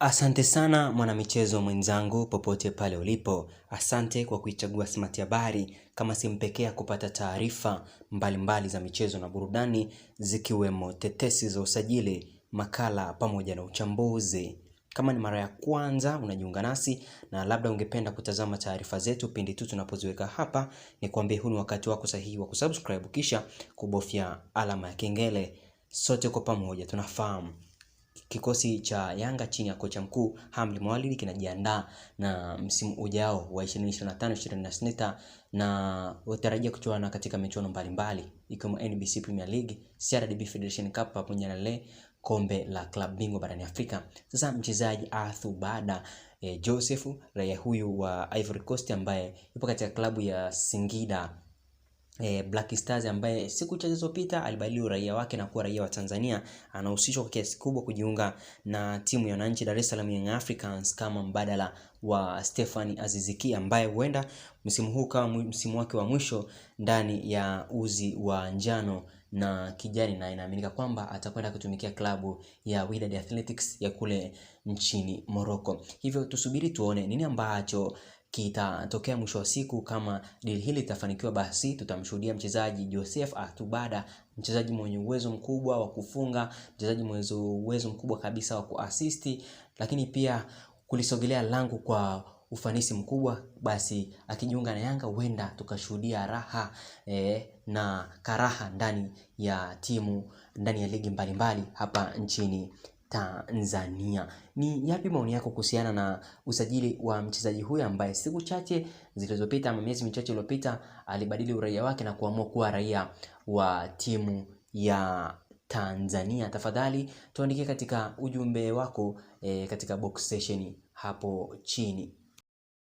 Asante sana mwanamichezo mwenzangu popote pale ulipo. Asante kwa kuichagua Smart Habari kama simu pekee ya kupata taarifa mbalimbali za michezo na burudani zikiwemo tetesi za usajili, makala pamoja na uchambuzi. Kama ni mara ya kwanza unajiunga nasi na labda ungependa kutazama taarifa zetu pindi tu tunapoziweka hapa, kuambie huu ni wakati wako sahihi wa kusubscribe kisha kubofya alama ya kengele. Sote kwa pamoja tunafahamu Kikosi cha Yanga chini ya kocha mkuu Hamdi Mwalidi kinajiandaa na msimu ujao wa 2025 26 na utarajia kuchuana katika michuano mbalimbali ikiwemo NBC Premier League, CRDB Federation Cup pamoja na le kombe la klabu bingwa barani Afrika. Sasa mchezaji Arthur Bada e, Joseph raia huyu wa Ivory Coast ambaye yupo katika klabu ya Singida E, Black Stars ambaye siku chache zilizopita alibadili uraia wake na kuwa raia wa Tanzania anahusishwa kwa kiasi kubwa kujiunga na timu ya wananchi Dar es Salaam Young Africans kama mbadala wa Stefani Aziziki ambaye huenda msimu huu kama msimu wake wa mwisho ndani ya uzi wa njano na kijani, na inaaminika kwamba atakwenda kutumikia klabu ya Wydad Athletics ya kule nchini Morocco. Hivyo tusubiri tuone nini ambacho kitatokea mwisho wa siku, kama dili hili litafanikiwa, basi tutamshuhudia mchezaji Joseph Atubada, mchezaji mwenye uwezo mkubwa wa kufunga, mchezaji mwenye uwezo mkubwa kabisa wa kuasisti, lakini pia kulisogelea langu kwa ufanisi mkubwa. Basi akijiunga na Yanga huenda tukashuhudia raha eh, na karaha ndani ya timu ndani ya ligi mbalimbali mbali hapa nchini Tanzania. Ni yapi maoni yako kuhusiana na usajili wa mchezaji huyu ambaye siku chache zilizopita ama miezi michache iliyopita alibadili uraia wake na kuamua kuwa raia wa timu ya Tanzania? Tafadhali tuandikie katika ujumbe wako e, katika box session hapo chini.